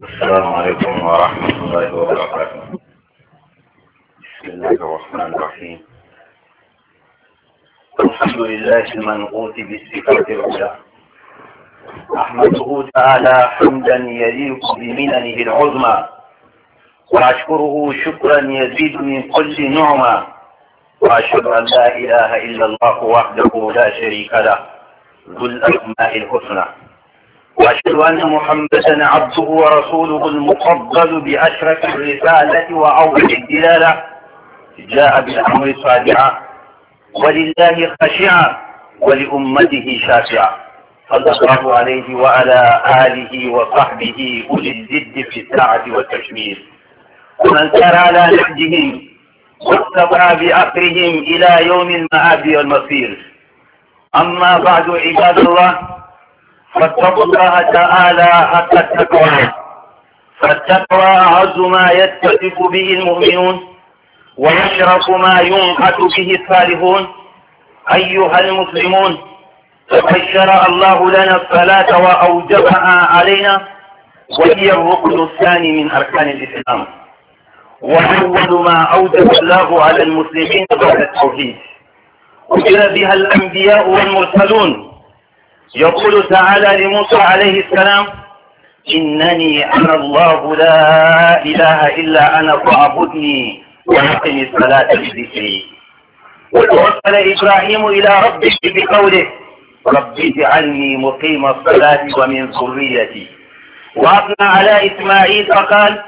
السلام عليكم ورحمة الله وبركاته بسم الله الرحمن الرحيم الحمد لله المنقوط بالصفات العلى أحمده تعالى حمدا يليق بمننه العظمى وأشكره شكرا يزيد من كل نعمة وأشهد أن لا إله إلا الله وحده لا شريك له ذو الأسماء الحسنى وأشهد أن محمدا عبده ورسوله المفضل بأشرف الرسالة وأوحي الدلالة جاء بالأمر صادعا ولله خشعا ولأمته شافعا صلى الله عليه وعلى آله وصحبه أولي الزد في الساعة والتشمير ومن سار على نهجهم واتبع بأخرهم إلى يوم المآب والمصير أما بعد عباد الله فاتقوا الله تعالى حق التقوى فالتقوى أعز ما يتصف به المؤمنون ويشرف ما ينقت به الصالحون أيها المسلمون فقد شرع الله لنا الصلاة وأوجبها علينا وهي الركن الثاني من أركان الإسلام وأول ما أوجب الله على المسلمين بعد التوحيد أجر بها الأنبياء والمرسلون يقول تعالى لموسى عليه السلام إنني أنا الله لا إله إلا أنا فاعبدني وأقم الصلاة بذكري وتوكل إبراهيم إلى ربه بقوله رب اجعلني مقيم الصلاة ومن ذريتي وأثنى على إسماعيل فقال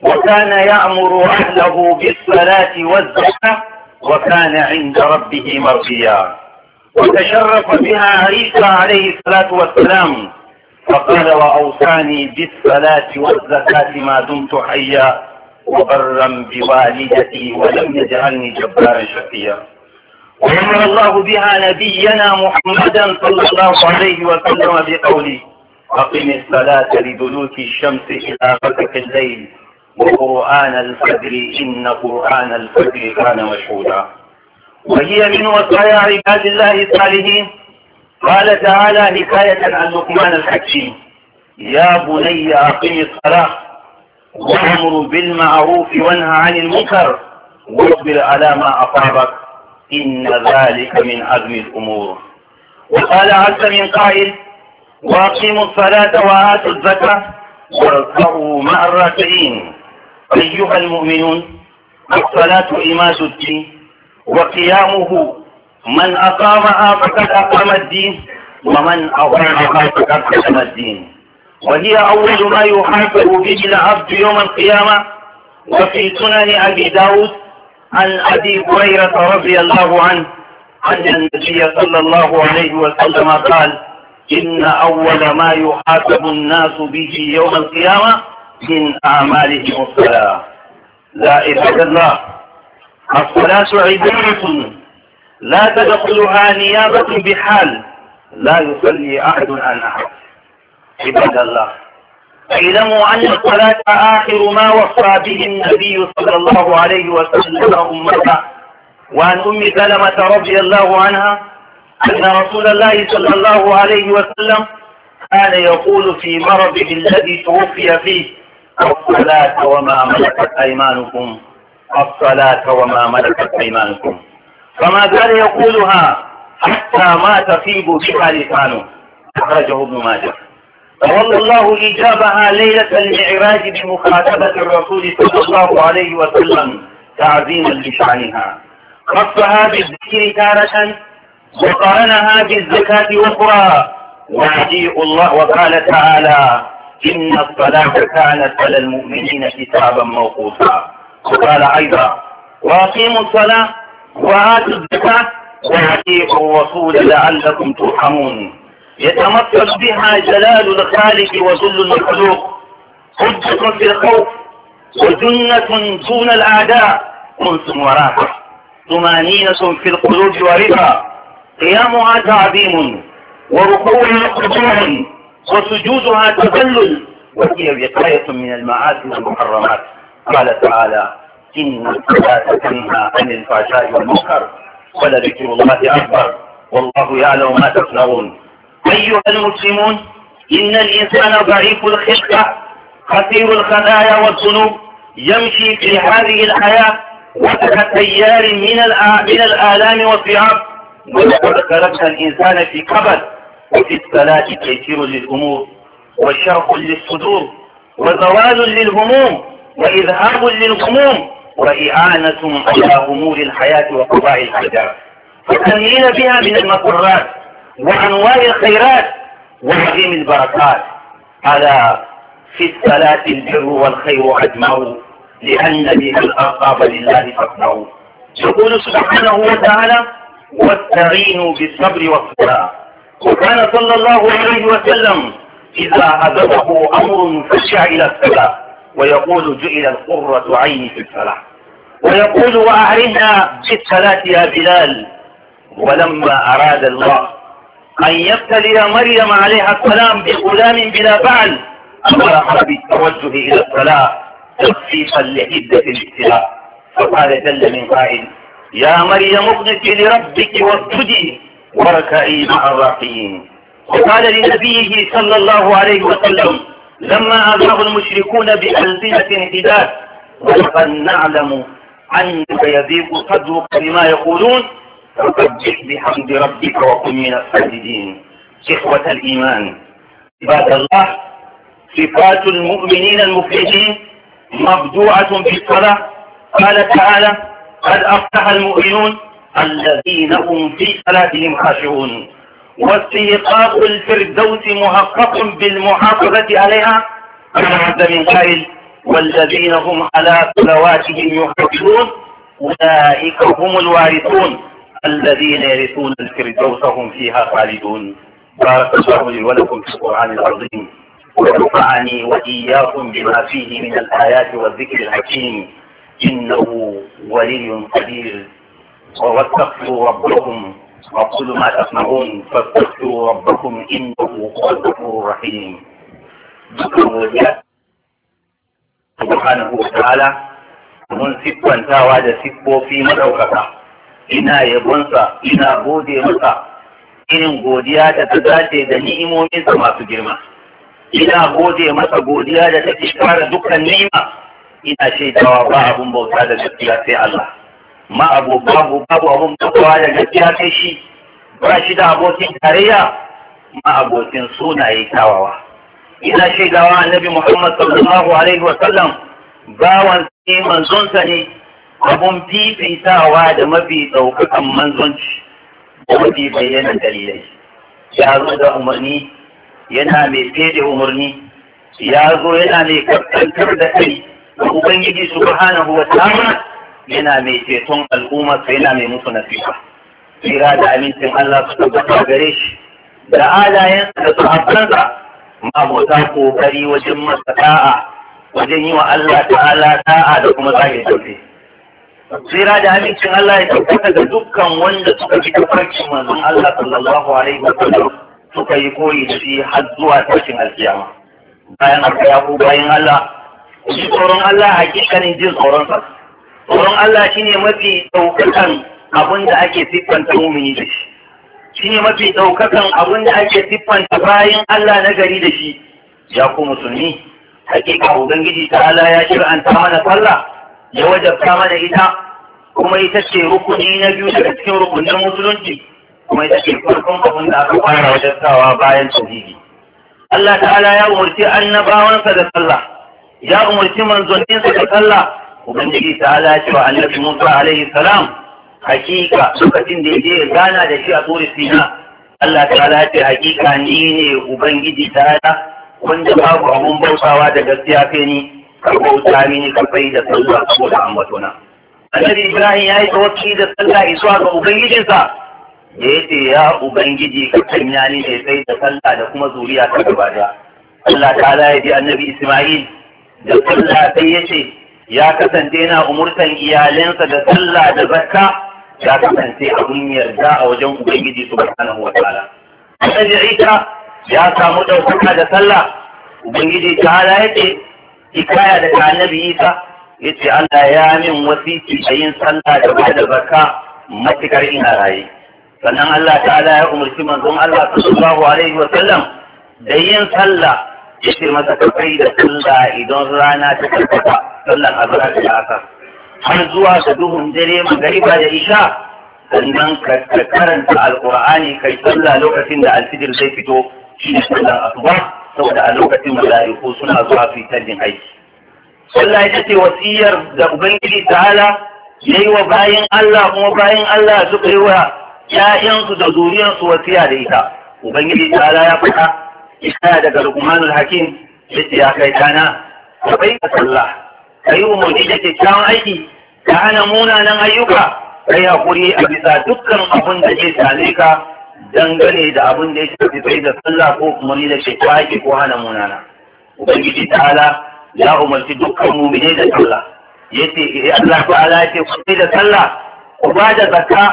وكان يأمر أهله بالصلاة والزكاة وكان عند ربه مرضيا وتشرف بها عيسى عليه الصلاة والسلام فقال وأوصاني بالصلاة والزكاة ما دمت حيا وبرا بوالدتي ولم يجعلني جبارا شقيا وأمر الله بها نبينا محمدا صلى الله عليه وسلم بقوله أقم الصلاة لدلوك الشمس إلى غسق الليل وقرآن الفجر إن قرآن الفجر كان مشهودا وهي من وصايا عباد الله الصالحين قال تعالى حكاية عن لقمان الحكيم يا بني أقم الصلاة وأمر بالمعروف وانهى عن المنكر واصبر على ما أصابك إن ذلك من عزم الأمور وقال عز من قائل وأقيموا الصلاة وآتوا الزكاة واركعوا مع الراكعين أيها المؤمنون الصلاة إماد الدين وقيامه من أقامها فقد أقام الدين ومن أقامها فقد أقام الدين وهي أول ما يحاسب به العبد يوم القيامة وفي سنن أبي داود عن أبي هريرة رضي الله عنه أن النبي صلى الله عليه وسلم قال إن أول ما يحاسب الناس به يوم القيامة من أعمالهم الصلاة لا إله إلا الله الصلاة عبادة لا تدخلها نيابة بحال لا يصلي أحد عن أحد عباد الله اعلموا أن الصلاة آخر ما وصى به النبي صلى الله عليه وسلم أمته وعن أم سلمة رضي الله عنها أن رسول الله صلى الله عليه وسلم كان يقول في مرضه الذي توفي فيه الصلاة وما ملكت أيمانكم الصلاة وما ملكت أيمانكم فما زال يقولها حتى ما تفيض بها لسانه أخرجه ابن ماجه تولى الله إجابها ليلة المعراج بمخاطبة الرسول صلى الله عليه وسلم تعظيما لشأنها خصها بالذكر تارة وقارنها بالزكاة أخرى وعديء الله وقال تعالى إن الصلاة كانت على المؤمنين كتابا موقوفا وقال أيضا وأقيموا الصلاة وآتوا الزكاة واعتيقوا الرسول لعلكم ترحمون يتمثل بها جلال الخالق وذل المخلوق حجة في الخوف وجنة دون الأعداء أنس وراحة طمأنينة في القلوب ورضا قيامها تعظيم وركوعها خشوع وسجودها تذلل وهي وقاية من المعاصي والمحرمات قال تعالى إن لا تنهى عن الفحشاء والمنكر ولذكر الله أكبر والله يعلم ما تصنعون أيها المسلمون إن الإنسان ضعيف الخلقة خطير الخلايا والذنوب يمشي في هذه الحياة وفق تيار من من الآلام والصعاب ولقد تركنا الإنسان في قبل وفي الصلاة تيسير للأمور وشرح للصدور وزوال للهموم وإذهاب للغموم وإعانة على أمور الحياة وقضاء الحجار وتملين بها من المقرات وأنواع الخيرات وعظيم البركات على في الصلاة البر والخير أجمعوا لأن بها الأرقاب لله فاصنعوا يقول سبحانه وتعالى واستعينوا بالصبر والصلاة وكان صلى الله عليه وسلم إذا هدفه أمر فشع إلى الصلاة ويقول جئل القرة عيني في الفلاح ويقول وأعرنا بالصلاة يا بلال ولما أراد الله أن يبتلي مريم عليها السلام بغلام بلا بعل أمرها بالتوجه إلى الصلاة تخفيفا لعدة الابتلاء فقال جل من قائل يا مريم اقنتي لربك واسجدي وركعي مع الراقيين وقال لنبيه صلى الله عليه وسلم لما أذاه المشركون بألسنة حداد ولقد نعلم عنك يذيق صدرك بما يقولون فقدح بحمد ربك وكن من الساجدين إخوة الإيمان عباد الله صفات المؤمنين المفلحين مبدوعة في الصلاة قال تعالى قد أفتح المؤمنون الذين هم في صلاتهم خاشعون واستيقاظ الفردوس محقق بالمحافظة عليها كما عبد من قائل والذين هم على صلواتهم يحافظون أولئك هم الوارثون الذين يرثون الفردوس هم فيها خالدون بارك الله لي ولكم في القرآن العظيم ونفعني وإياكم بما فيه من الآيات والذكر الحكيم إنه ولي قدير ووثقت ربكم وقل ما تسمعون فاستغفروا ربكم انه هو الغفور الرحيم ذكر subhanahu wa ta'ala mun siffantawa da siffofi madaukaka ina yabonsa ina gode masa irin godiya da ta dace da ni'imominsa masu girma ina gode masa godiya da take kara dukkan ni'ima ina shaidawa ba abun bauta da gaskiya sai Allah ma abu babu babu abun takawa da gaskiya kai shi ba shi da abokin tarayya ma abokin sunaye kyawawa ina shaidawa annabi muhammad sallallahu alaihi wa sallam bawan ne manzonsa ne abun fifitawa da mafi ɗaukakan manzonci da mafi bayyana dalilai ya zo da umarni yana mai fede umarni ya zo yana mai kaskantar da kai ubangiji subhanahu wa ta'ala yana mai ceton al'umma sai yana mai musu nasiha tsira da amincin Allah su tabbata gare shi da alayen da su sahabbansa mabota kokari wajen masa ta'a wajen yi wa Allah ta'ala ta'a da kuma zahir dauke tsira da amincin Allah ya tabbata ga dukkan wanda suka fi tafarkin manzon Allah sallallahu alaihi wa sallam suka yi koyi da shi har zuwa tashin alkiyama bayan haka ya bayan Allah ku tsoron Allah hakikanin jin tsoron sa tsoron Allah shine mafi ɗaukakan abin da ake siffanta mumini da shi shine mafi ɗaukakan abin da ake siffanta bayan Allah na gari da shi ya ku musulmi hakika ubangiji ta Allah ya ta mana sallah ya wajabta mana ita kuma ita ce rukuni na biyu daga cikin rukunin musulunci kuma ita ce farkon abin da aka fara wajabtawa bayan tauhidi Allah ta'ala ya umarci annabawansa da sallah ya umarci manzanninsa da sallah ubangiji ta ala cewa annabi musa alaihi salam hakika lokacin da ya je gana da shi a tsori sina allah ta ala ce hakika ni ne ubangiji ta ala wanda babu abun bautawa da gaskiya kai ni ka bauta mini ka fai da sallah saboda ambatona annabi ibrahim ya yi tawakki da sallah isuwa ga ubangijinsa da ya ce ya ubangiji ka sanya ni ne sai da sallah da kuma zuriya ta gaba allah ta ala ya ji annabi isma'il da sallah sai ya ce ya kasance yana umurtan iyalinsa da sallah da zakka ya kasance abun yarda a wajen ubangiji subhanahu wataala annabi Isa ya samu ɗaukaka da sallah ubangiji ta ta'ala yace hikaya da annabi Isa ce Allah ya min wasiki da yin sallah da ba da zakka matukar ina raye sannan Allah ta'ala ya umarci manzon Allah sallallahu alaihi wa sallam da yin sallah ya ce masa ka kai da sallah idan rana ta tabbata sallan azhar da asar har zuwa ga duhun dare magariba da isha sannan ka karanta alqur'ani kai sallah lokacin da alfijir zai fito shi ne sallan asuba saboda a lokacin mala'iku suna zuwa fitarin aiki Allah ita ce wasiyar da Ubangiji ta'ala ya yi wa bayan Allah kuma bayan Allah suka yi wa ‘ya'yansu da zuriyarsu wasiya da ita. Ubangiji ta'ala ya faɗa yana daga lukmanul hakim yace ya kai kana ka bai ka sallah kai umarni da kyakkyawan aiki ka hana munanan ayyuka kai hakuri a bisa dukkan abun da ke same ka dangane da abun da ya shafi bai da sallah ko umarni da kyakkyawan aiki ko hana munana ubangiji ta'ala ya umarci dukkan mu'mine da sallah yace eh, Allah ta'ala yace ku da sallah ku ba da zakka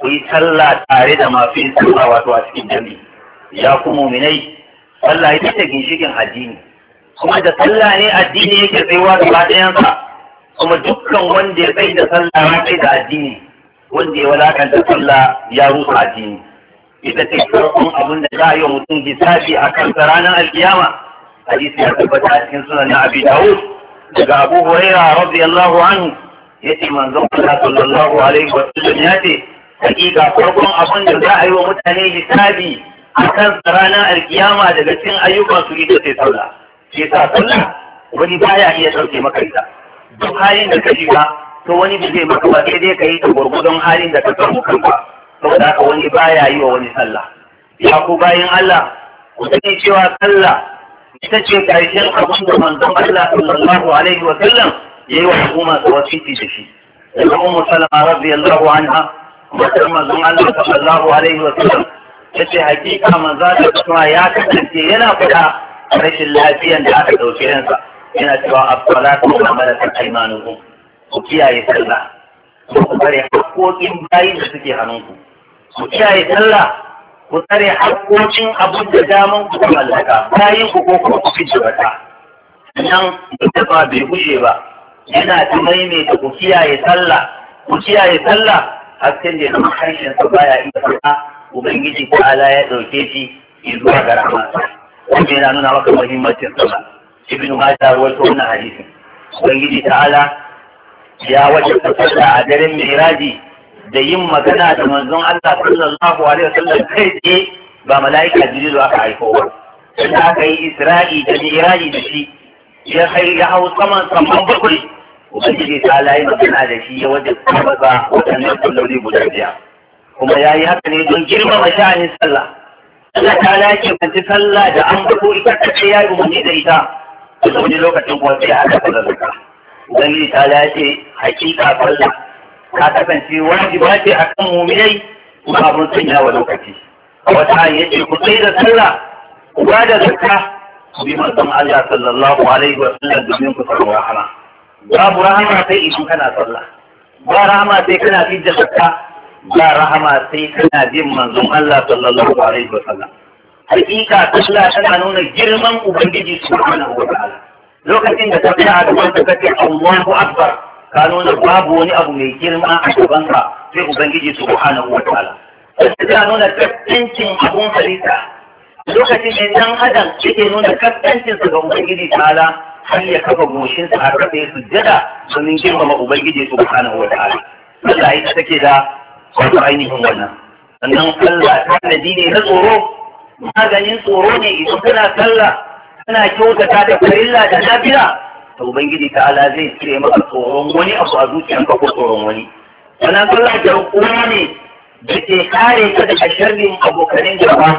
ku yi sallah tare da masu sallah wato a cikin jami'i ya ku mu'minai sallah ita ce ginshikin addini kuma da sallah ne addini yake tsayuwa gaba ɗayansa kuma dukkan wanda ya tsaye da sallah ya tsaye da addini wanda ya walakanta sallah ya rusa addini ita ce farkon abin da za a yi wa mutum hisabi a kan ranar alkiyama hadisi ya tabbata a cikin sunan na abi dawud daga abu huraira radiyallahu anhu yace manzon Allah sallallahu alaihi wa sallam ya ce hakika farkon abin da za a yi wa mutane hisabi akan kan ranar alkiyama daga cikin ayyukan su ita sai sallah ke sa sallah wani baya iya sauke maka ita duk halin da ka shiga to wani bai zai maka ba sai dai ka yi ta gwargwadon halin da ka samu kanka da ka wani baya yi wa wani sallah ya ku bayan Allah ku sani cewa sallah ita ce karshen abin da manzon Allah sallallahu alaihi wa sallam ya yi wa al'umma da wasiti da shi daga ummu salama radiyallahu anha wata manzon Allah sallallahu alaihi wa sallam yace hakika manzo da kuma ya kasance yana fada rashin lafiyan da aka dauke yansa yana cewa as-salatu wa malakat aymanukum ku kiyaye sallah ku bare haƙoƙin bayi da suke hannunku ku kiyaye sallah ku tsare haƙoƙin abin da daman ku ta mallaka bayan ku ko kuma ku fice wata nan da ba bai gushe ba yana ta maimaita ku kiyaye sallah ku kiyaye sallah hasken da sai da harshen sa baya iya fada ubangiji ta ala ya ɗauke shi zuwa ga Rahma. wanda yana nuna maka muhimmancin sallah ibn majah rawaito wannan hadisin ubangiji ta ya wajabta sallah a daren miraji da yin magana da manzon Allah sallallahu alaihi wasallam kai tsaye ba mala'ika jibril aka haifo ba sai aka yi isra'i da miraji da shi ya kai ya hau saman saman bakwai ubangiji ta ala yi magana da shi ya wajabta ba wadannan salloli guda biyar kuma ya yi haka ne don girmama sha'anin sallah Allah ta lake kwanci sallah da an bako ita ta ce ya yi umarni da ita a wani lokacin kuma sai aka kaza zaka Ubangiji ta lake hakika sallah ta kasance wajiba ce a kan muminai kuma mun sanya wa lokaci. wata hanyar ce ku sai da sallah ku ba da zakka ku bi manzon Allah sallallahu alaihi wa sallam domin ku samu rahama. Babu rahama sai idan kana sallah. Ba rahama sai kana fi fidda zakka ya rahama sai kana jin manzon Allah sallallahu alaihi wa sallam hakika Allah tana nuna girman ubangiji subhanahu wa ta'ala lokacin da ka tsaya a gaban ka kace Allahu akbar ka nuna babu wani abu mai girma a gaban ka sai ubangiji subhanahu wa ta'ala ta nuna kaskancin abun halitta lokacin da nan adam yake nuna kaskancin sa ga ubangiji ta'ala har ya kafa goshinsa a kafa ya sujjada domin girmama ubangiji subhanahu wa ta'ala Allah ya take da wato ainihin wannan sannan Allah tanadi ne na tsoro maganin tsoro ne idan kana sallah kana kyautata da farilla da lafiya to ubangiji ta ala zai cire maka tsoron wani abu a zuciyarka ko tsoron wani sannan sallah da kuma ne da ke kare ka daga sharrin abokanin gaba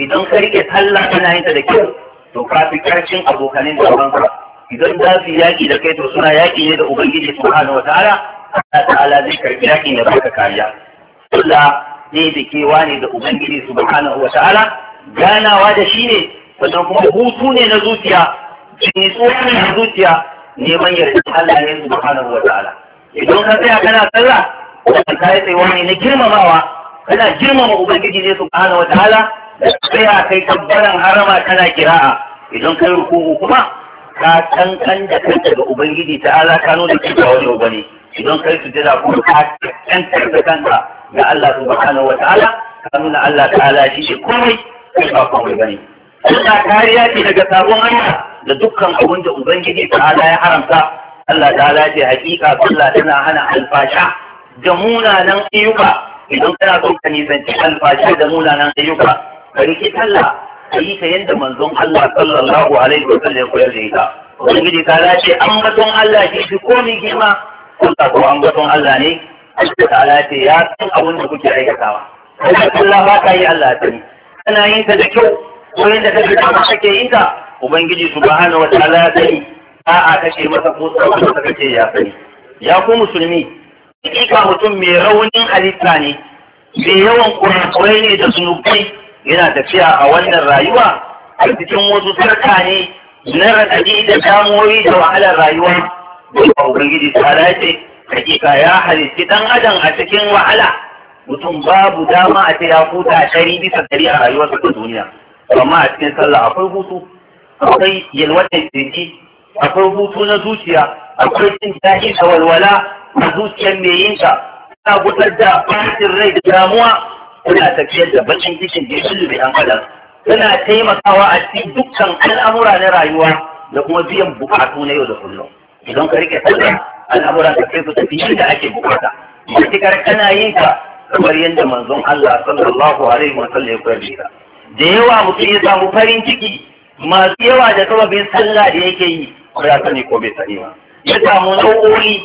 idan ka rike sallah kana yin ta da kyau to ka fi karshen abokanin gaban ka idan za su yaƙi da kai to suna yaƙi ne da ubangiji subhanahu wataala Allah ta'ala zai karɓi yaƙi ne baka kariya kulla ne da ne da ubangiji subhanahu wa ta'ala ganawa da shi ne wannan kuma hutu ne na zuciya jini ne na zuciya neman yarda Allah ne subhanahu wa ta'ala idan ka tsaya kana sallah wannan kai tsayuwa ne na girmamawa kana girmama ubangiji ne subhanahu wa ta'ala da tsaya kai tabbaran harama kana kira'a idan kai ruku'u kuma ka kankan da kanta ga ubangiji ta'ala kano da cewa wani ubani idan kai jira kuma ka kantar da kanka ga Allah subhanahu wataala ka nuna Allah ta'ala shi ne komai kai ba komai bane Allah kariya ce daga sabon Allah da dukkan abun da ubangiji ta'ala ya haramta Allah ta'ala ce hakika Allah tana hana alfasha da munanan ayyuka idan kana son ka nisanci alfasha da munanan ayyuka ka ki sallah ka yi ta yadda manzon Allah sallallahu alaihi wa sallam ya koyar da ita ubangiji ta ce an Allah shi ko ni girma Allah ko an gwaton Allah ne Allah ta'ala ce ya san abin da kuke aikatawa kana Allah ba ka yi Allah ta ne kana yin ta da kyau ko yadda kake da kake yin ta ubangiji subhanahu wa ta'ala ya sani a'a kake masa ko sabon kake ya sani ya ku musulmi hakika mutum mai raunin halitta ne mai yawan kurakurai ne da sunubai yana tafiya a wannan rayuwa a cikin wasu sarka ne na raɗaɗi da damuwoyi da wahalar rayuwa da ubangiji ta dace hakika ya halitti dan adam a cikin wahala mutum babu dama a ta ya huta ɗari bisa ɗari a rayuwarsa ta duniya amma a cikin sallah akwai hutu akwai yalwatar akwai hutu na zuciya akwai cin daɗi da walwala a zuciyar mai yinka ta gutar da fatin rai da damuwa kuna tafiyar da bakin cikin da ya da ɗan adam tana taimakawa a cikin dukkan al'amura na rayuwa da kuma biyan bukatu na yau da kullum idan ka rike sallah al'amura da kai su fi inda ake bukata matukar kana yin ka kamar yadda manzon Allah sallallahu alaihi wa sallam ya koyar da da yawa mutum ya samu farin ciki masu yawa da sababin sallah da yake yi ko ya sani ko bai sani ba ya samu nau'o'i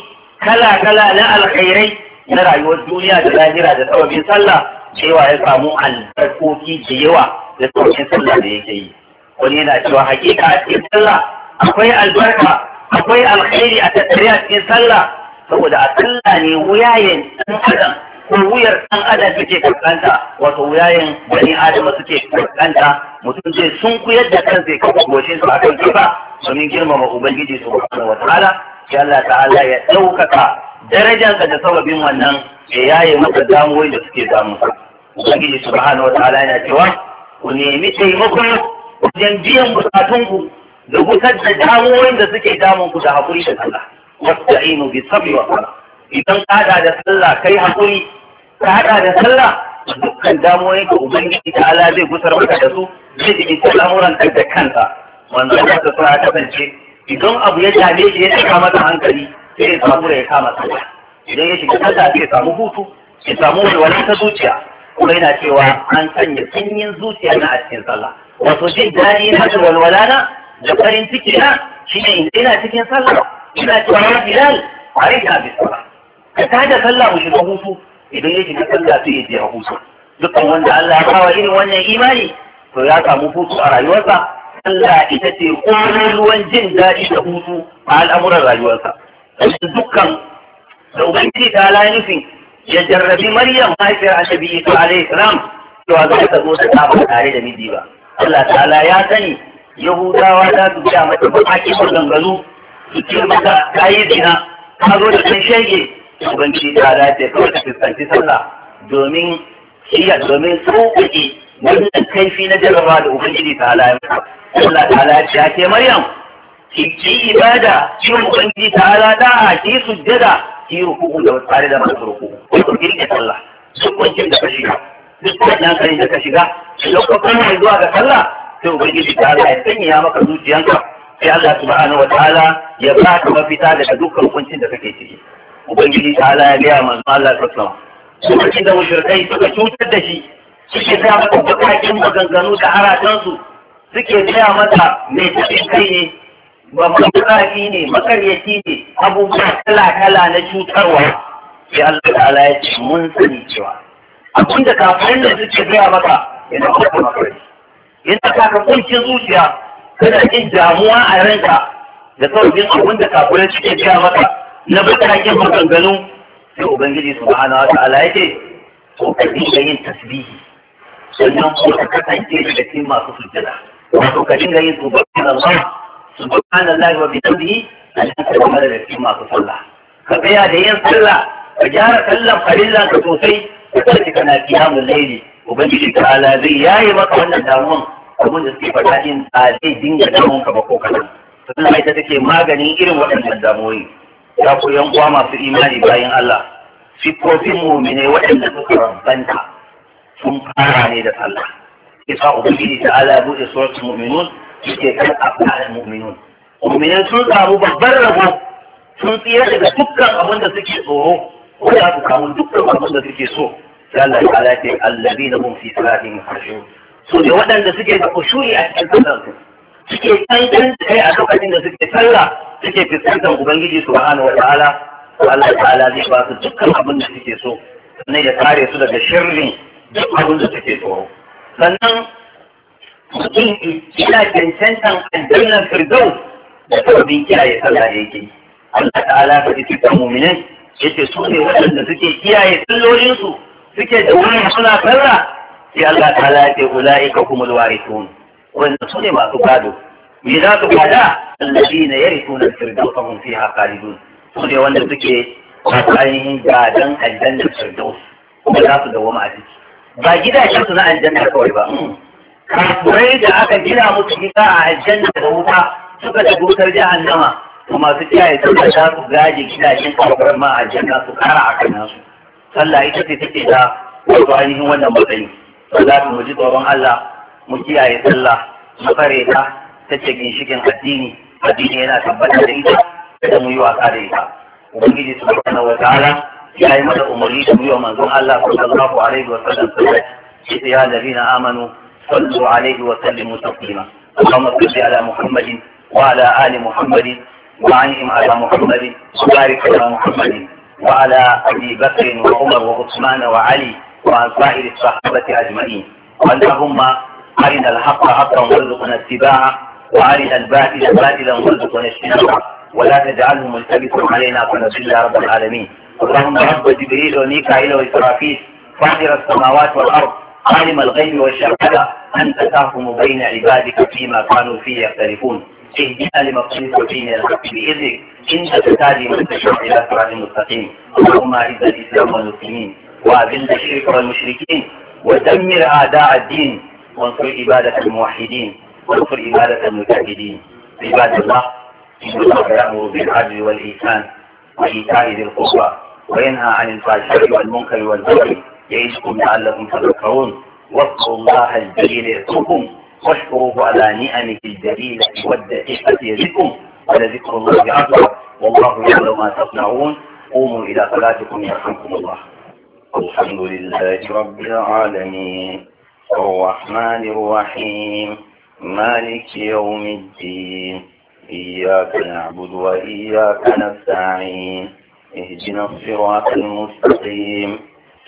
kala kala na alkhairai na rayuwar duniya da lahira da sababin sallah cewa ya samu albarkoki da yawa da sababin sallah da yake yi wani yana cewa hakika a cikin sallah akwai albarka akwai alkhairi a tattare a cikin sallah saboda a sallah ne wuyayen ɗan adam ko wuyar ɗan adam suke kaskanta wato wuyayen gani adam suke kaskanta mutum zai sun kuyar da kan zai kafa goshin su akan kifa domin girmama ubangiji subhanahu wa ta'ala sai Allah ta'ala ya ɗaukaka ka da sababin wannan ya yaye masa damuwai da suke damu ubangiji subhanahu wa ta'ala yana cewa ku nemi taimakon wajen biyan bukatunku da wutar da damuwan da suke damun ku da haƙuri da sallah wasta'inu bi sabri wa salah idan ka hada da sallah kai haƙuri ka hada da sallah dukkan damuwoyin ka ubangiji ta ala zai gusar maka da su zai ji ta lamuran ka da kanka manzo ya ta sura ta bance idan abu ya dame shi ya saka masa hankali sai ya samu da ya kama sallah idan ya shiga sallah sai ya samu hutu ya samu walwalar ta zuciya kuma yana cewa an sanya sanyin zuciya na a cikin sallah wato jin daɗi na walwala na da farin ciki na ne ina cikin sallah ina cikin ya bilal alaika bi sallah ka da sallah mu shiga hutu idan ya shiga sallah sai ya je hutu dukkan wanda Allah ya kawo irin wannan imani to ya samu hutu a rayuwarsa Allah ita ce ruwan jin daɗi da hutu a al'amuran rayuwarsa dukkan da ubangiji ta ala nufin ya jarrabi maryam mahaifiyar annabi isa alayhi salam a za ta zo ta tare da miji ba Allah ta'ala ya sani yahudawa ta dubi a mata baƙaƙi maganganu su ce mata ta yi zina ta zo da kan shege shugabanci ta dace kawai ta fuskanci sallah domin shiya domin sauƙaƙe wannan kaifi na jarraba da ubangiji ta halaye Allah ta halaye ya ce Maryam ki ki ibada ki ubangiji ta halaye ki sujjada ki ruku'u da wasu tsare da masu ruku'u ko ki rike sallah duk wancan da ka shiga duk wannan kan da ka shiga lokacin zuwa ga sallah sai ubangiji ta Allah ya sanya maka zuciyanka sai Allah subhanahu wataala ya ba ka mafita daga dukkan hukuncin da kake ciki ubangiji ta Allah ya gaya manzo Allah sallallahu alaihi wasallam lokacin da mushrikai suka cutar da shi suke gaya maka bakakin maganganu da haratansu suke gaya mata mai cikin kai ne ba makarfi ne makaryaci ne abubuwa kala-kala na cutarwa sai Allah ta'ala ya ce mun sani cewa abinda kafin da suke gaya maka yana kuma makarfi yana saka kuncin zuciya kana jin damuwa a ranka da sauƙin abin da kafirai suke gaya maka na bakakin maganganu sai ubangiji subhanahu wa ta'ala ce, to ka dinga yin tasbihi sannan ko ka kasance da cikin masu sujjada wato ka dinga yin Allah subhanallah subhanallahi wa bihamdihi sannan ka dinga da cikin masu sallah ka tsaya da yin sallah ka gyara sallan farillan ka sosai ka tsarki kana kiyamun laili ubangiji ta ala zai yaye maka wannan damuwan abin da suke faɗa din a zai dinga damun ka ba ko kaɗan sannan ita take maganin irin waɗannan damuwoyi ya ku yan uwa masu imani bayan Allah siffofin mu'mine waɗanda suka rabanta sun fara ne da sallah isa ubangiji ta ala buɗe suratul mu'minun yake kan fara mu'minun Mu'minun sun samu babbar rabo sun tsira daga dukkan abin da suke tsoro ko za su samu dukkan abin da suke so Allah ta'ala ce alladina hum fi salatihim khashu'un su ne waɗanda suke da khushu'i a cikin sallarsu suke kankan kai a lokacin da suke sallah suke fuskantar ubangiji subhanahu wa ta'ala Allah ta'ala zai ba su dukkan abin da suke so sannan ya kare su daga shirin duk abin da suke tsoro sannan mutum ina cancantan addinin firdaus da sabbin kiyaye sallah da yake Allah ta'ala ta ce ta mu'minin yace su ne waɗanda suke kiyaye sallolinsu suke jama'a suna sallah sai Allah ta lafi ula'ika kuma warithun wanda su ne masu gado me za su gada alladina yarithuna firdausa hum fiha khalidun su ne wanda suke tsakanin gadan aljanna firdaus kuma za su dawoma a ciki ba gidajen su na aljanna kawai ba kafurai da aka gina musu gida a aljanna da wuta suka da wutar jahannama kuma su kiyaye su da su gaji gidajen kafurai ma aljanna su kara a kan nasu sallah ita ce take da wato ainihin wannan matsayi za mu ji tsoron Allah mu kiyaye sallah mu fare ta tace ginshikin addini addini yana tabbata da ita da mu yi wasa da ita ubangiji subhanahu wa ta'ala ya yi mata umarni da wa manzon Allah sallallahu alaihi wa sallam sallah ya ladina amanu sallu alaihi wa sallimu taslima اللهم صل على محمد وعلى آل محمد وعنهم على محمد وبارك على محمد وعلى أبي بكر وعمر وعثمان وعلي وعن سائر الصحابة أجمعين اللهم أرنا الحق حقا وارزقنا اتباعه وأرنا الباطل باطلا وارزقنا اجتنابه ولا تجعله ملتبسا علينا فنضل يا رب العالمين اللهم رب جبريل وميكائيل وإسرافيل فاطر السماوات والأرض عالم الغيب والشهادة أنت تحكم بين عبادك فيما كانوا فيه يختلفون اهدنا لمقصود الدين الحق بإذنك إن تتالي من تشرع إلى صراط مستقيم اللهم أعز الإسلام والمسلمين وأذل الشرك والمشركين ودمر أعداء الدين وانصر عبادة الموحدين وانصر عبادة المجاهدين عباد الله إن الله يأمر بالعدل والإيمان وإيتاء ذي القربى وينهى عن الفحشاء والمنكر والبغي يعيشكم لعلكم تذكرون واذكروا الله الجليل يذكركم واشكروه على نعمه الجليلة والدقيقة يزدكم ولذكر الله أكبر والله يعلم ما تصنعون قوموا إلى صلاتكم يرحمكم الله الحمد لله رب العالمين الرحمن الرحيم مالك يوم الدين إياك نعبد وإياك نستعين اهدنا الصراط المستقيم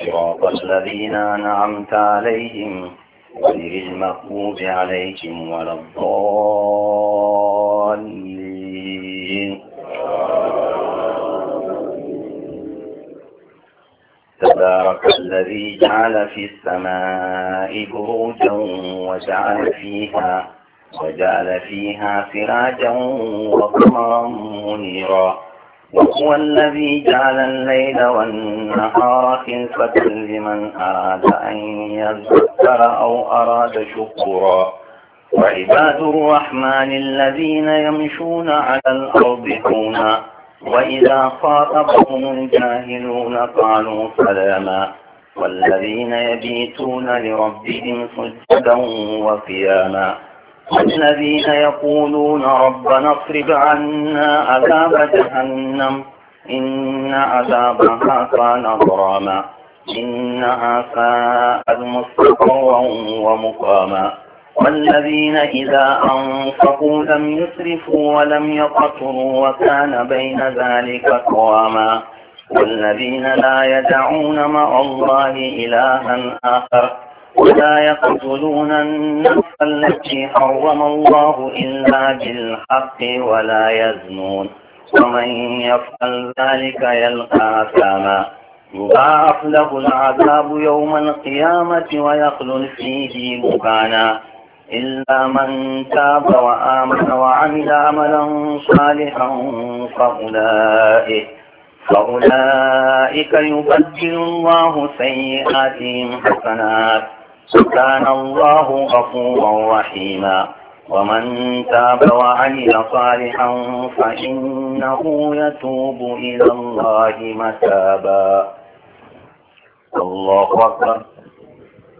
صراط الذين أنعمت عليهم غير المغضوب عليهم ولا الضالين تبارك الذي جعل في السماء بروجا وجعل فيها وجعل فيها سراجا وقمرا منيرا وهو الذي جعل الليل والنهار خلفة لمن أراد أن يذكر أو أراد شكرا وعباد الرحمن الذين يمشون على الأرض حونا وإذا خاطبهم الجاهلون قالوا سلاما والذين يبيتون لربهم سجدا وقياما والذين يقولون ربنا اصرف عنا عذاب جهنم إن عذابها كان غراما إنها ساءت مستقرا ومقاما والذين إذا أنفقوا لم يسرفوا ولم يقتروا وكان بين ذلك قواما والذين لا يدعون مع الله إلها آخر ولا يقتلون النفس التي حرم الله إلا بالحق ولا يزنون ومن يفعل ذلك يلقى أثاما يضاعف له العذاب يوم القيامة ويخلل فيه مكانا إلا من تاب وآمن وعمل عملا صالحا فأولئك فأولئك يبدل الله سيئاتهم حسنات وكان الله غفورا رحيما ومن تاب وعمل صالحا فإنه يتوب إلى الله متابا الله أكبر